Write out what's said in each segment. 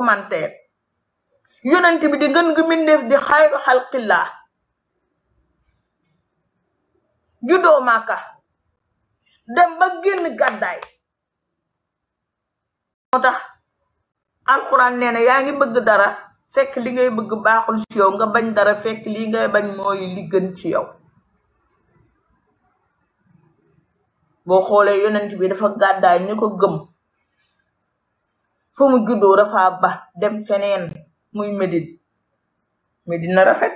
commentaire yonent bi di ngën ngi mbindeef di xayru xalqillaa juddoo Màkka dem ba génn gàddaay moo tax alxuraan nee yaa ngi bëgg dara fekk li ngay bëgg baaxul ci yow nga bañ dara fekk li ngay bañ mooy li gën ci yow boo xoolee yonent bi dafa gàddaay ñu ko gëm fo mu juddoo dafa ba dem feneen muy Médine Médine na rafet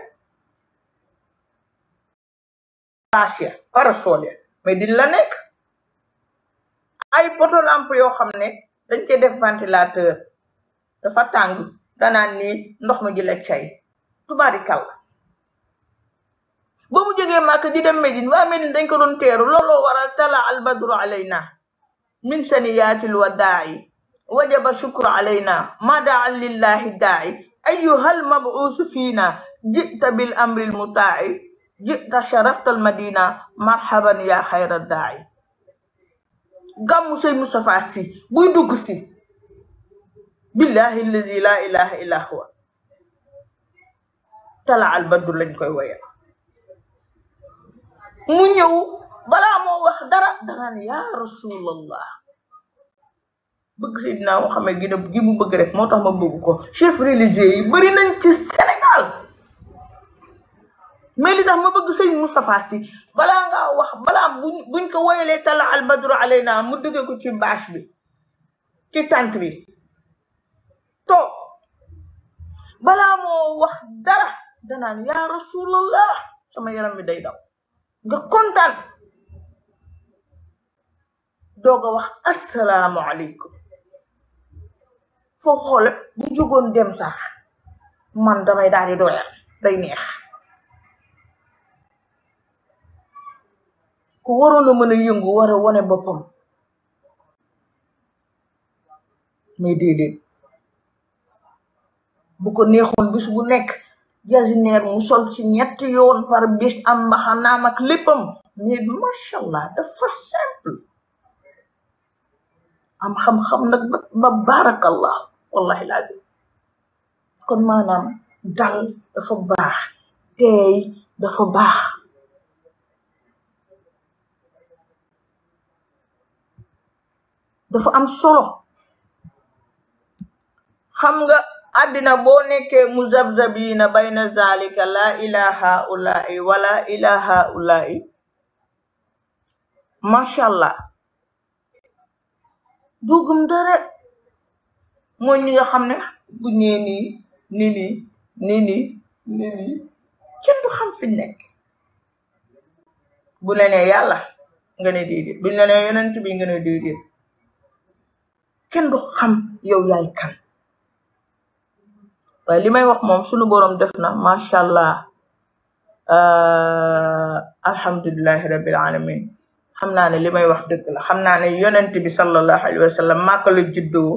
asia parasolia Médine la nekk ay poto lamp yoo xam ne dañ cee def ventilateur dafa tàng danaan ni ndox mu ji la cay tubaarikàlla ba mu jógee màkk di dem Médine waa Médine dañ ko doon teeru looloo waral tala albadru alayna min saniyatil wadaa'i wajaba shukru alayna mada lillahi daai ayuhal mabuusu fiina jita bil amril mutaai jita sharafta al madina marhaban yaa xayra daai gàmmu sëñ Moustapha si buy dugg si billahi allazi laa ilaha illa huwa tala al baddu lañ koy woyal mu ñëw balaa moo wax dara dana ne yaa rasulallah bëgg Seydina Muhammad gi gi mu bëgg rek moo tax ma bëgg ko chef religieux yi bari nañ ci Sénégal mais li tax ma bëgg sëñ Moustapha Sy balaa ngaa wax balaa buñ buñ ko woyalee tala al badru naa mu dëggee ko ci baas bi ci tànt bi toog balaa moo wax dara danaan yaa rasulallah sama yaram mi day daw nga kontaan doog a wax assalaamu asalaamualeykum foo xool bu jógoon dem sax man damay daal di doyal day neex ku waroon a mën a yëngu war a wane boppam mais déedéet bu ko neexoon bis bu nekk jasineer mu sol ci ñetti yoon par bis am mbaxanaam ak léppam mais macha allah dafa simple am xam-xam nag ba baarakallah wallahi lazim kon maanaam dal dafa baax teey dafa baax dafa am solo xam nga àddina boo nekkee muzabzabina bayna zalika la ila haulaai wala ila haulaai masha allah dugum dara mooy ñi nga xam ne bu ñee nii nii nii nii du xam fi nekk bu la nee yàlla nga ne déedéet buñ la nee yonent bi nga ne déedéet kenn du xam yow yaay kan waaye li may wax moom sunu boroom def na macha allah euh, alhamdulilahi rabil alamin xam naa ne li may wax dëgg la xam naa ne yonent bi sallallahu alayhi wa sallam la juddoo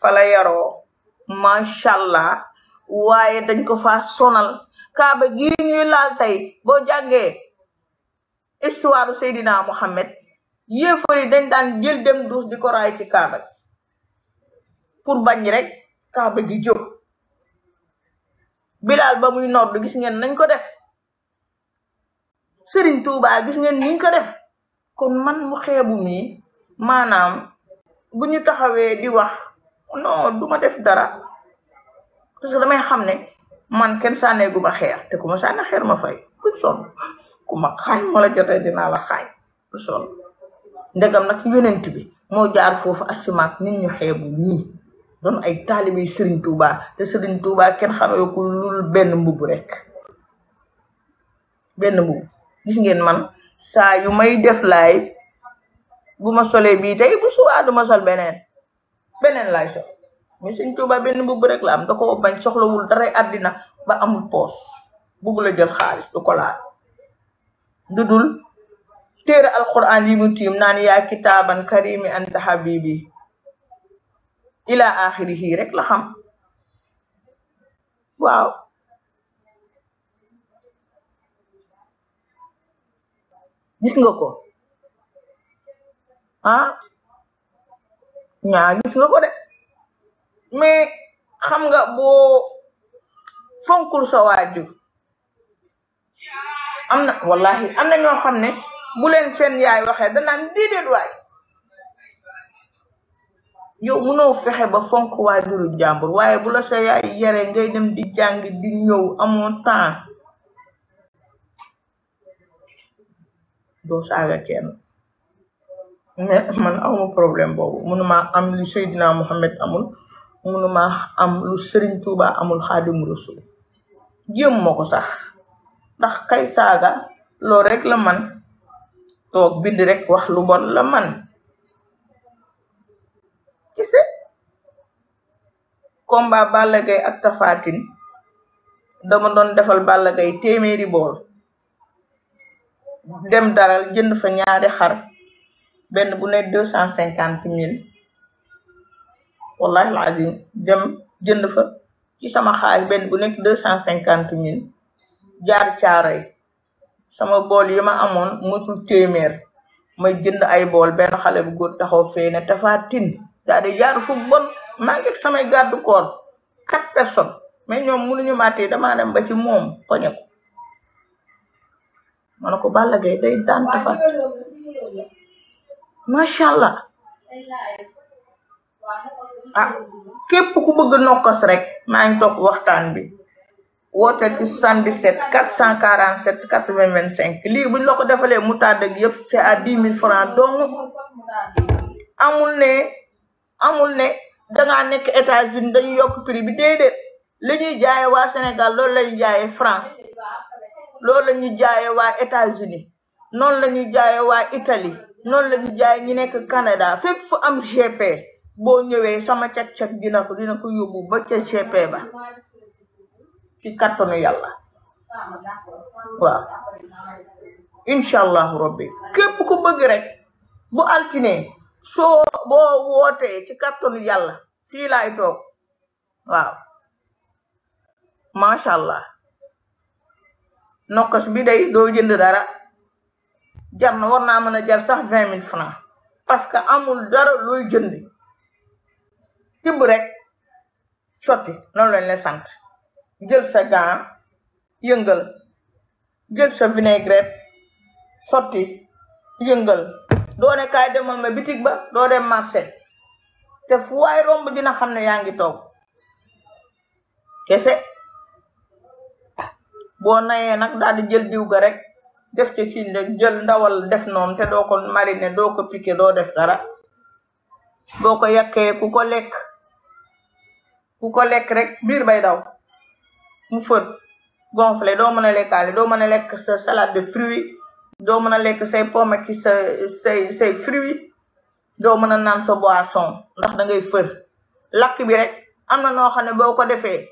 fa la yaroo macha allah waaye dañ ko fa sonal kaaba gi ñuy laal tey boo jàngee histoire Seydina Mohamed yéefar dañ daan jël dem duus di ko ci kaaba pour bañ rek kaaba gi jóg bilaal ba muy nodd gis ngeen nañ ko def Sëriñ Tuubaa gis ngeen niñ ko def kon man mu xeebu mi maanaam bu ñu taxawee di wax non du ma def dara parce que damay xam ne man kenn sànneegu ma xeer te ku ma sànne xeer ma fay bu sonn ku ma xaañ ma la jotee dinaa la xaañ bu sonn ndegam nag yonent bi moo jaar foofu asimaak nit ñu xeebu ñii doon ay taalibe sëriñ Serigne Touba te Serigne Touba kenn xamee ko lul benn mbubb rek benn mbubb gis ngeen man saa yu may def live bu ma solee bii tey bu subaa du ma sol beneen beneen laay so mais sëñ Tuubaa benn mbubb rek la am da ko bañ soxlawul daray àddina ba amul poos bugg la jël xaalis du ko du dul téere alquran yi mu tiim naan yaa kitaaban karimi anta habibi ila axirihi rek la xam waaw gis nga ko ah ñaa gis nga ko de mais xam nga boo fonkul sa waajur am na wallahi am na ñoo xam ne bu leen seen yaay waxee danaan déedéet waay yow mënoo fexe ba fonk waajuru jàmbur waaye bu la sa yaay yare ngay dem di jàng di ñëw amoo temps doo saaga kenn mais man amu problème boobu mënuma am lu Seydina Mohamed amul mënuma am lu Serigne Touba amul xaadim rasul jéem ma ko sax ndax kay saaga loolu rek la man toog bind rek wax lu bon la man gise combat Balla Gaye ak Tapha dama doon defal Balla Gaye téeméeri bool dem daral jënd fa ñaari xar benn bu ne deux cent cinquante mille wallahi alazim dem jënd fa ci sama xaalis benn bu nekk deux cent cinquante mille jaar caaro yi sama bool yi ma amoon musul téeméer may jënd ay bool benn xale bu góor taxaw fee ne tafaatin daa di jaar fu bon maa ngi samay gàddu koor quatre personnes mais ñoom mënuñu màttee damaa dem ba ci moom ko ma ne ko Balla day daan tafaat macha allah ah képp ku bëgg nokkos rek maa ngi topp waxtaan bi woote ci 77 447 80 25 lii buñ la ko defalee mu tàdd ak yëpp c'est à 10 000 francs donc amul ne amul ne dangaa nekk États-Unis dañu yokk prix bi déedéet li ñuy jaaye waa Sénégal loolu la ñuy jaaye France loolu lañuy jaaye waa États-Unis noonu la ñuy jaaye waa itali noonu la di jaay ñi nekk Canada fépp fu am GP boo ñëwee sama cag-cag dina ko dina ko yóbbu ba ca GP ba ci kattanu yàlla waaw incha allahu rabbi képp ku bëgg rek bu altinee soo boo wootee ci kattanu yàlla fii laay toog waaw macha allah nokkas bi day doo jënd dara jar na war naa mën a jar sax vingt mille franc parce que amul dara looy jënd tibb rek sotti noonu lañ le sant jël sa gan yëngal jël sa vinaigrette sotti yëngal doo ne kaay demal ma bitig ba doo dem marché te fu waay romb dina xam ne yaa ngi toog kese boo nayee nag daal di jël diw ga rek def ci ci jël ndawal def noon te doo ko mariner doo ko piquer doo def dara boo ko yàqee ku ko lekk ku ko lekk rek biir bay daw mu fër gonflé doo mën a lekkaale doo mën a lekk sa salade de fruits doo mën a lekk say pomme ki sa say say fruits doo mën a naan sa boisson ndax da fër lakk bi rek am na noo xam ne boo ko defee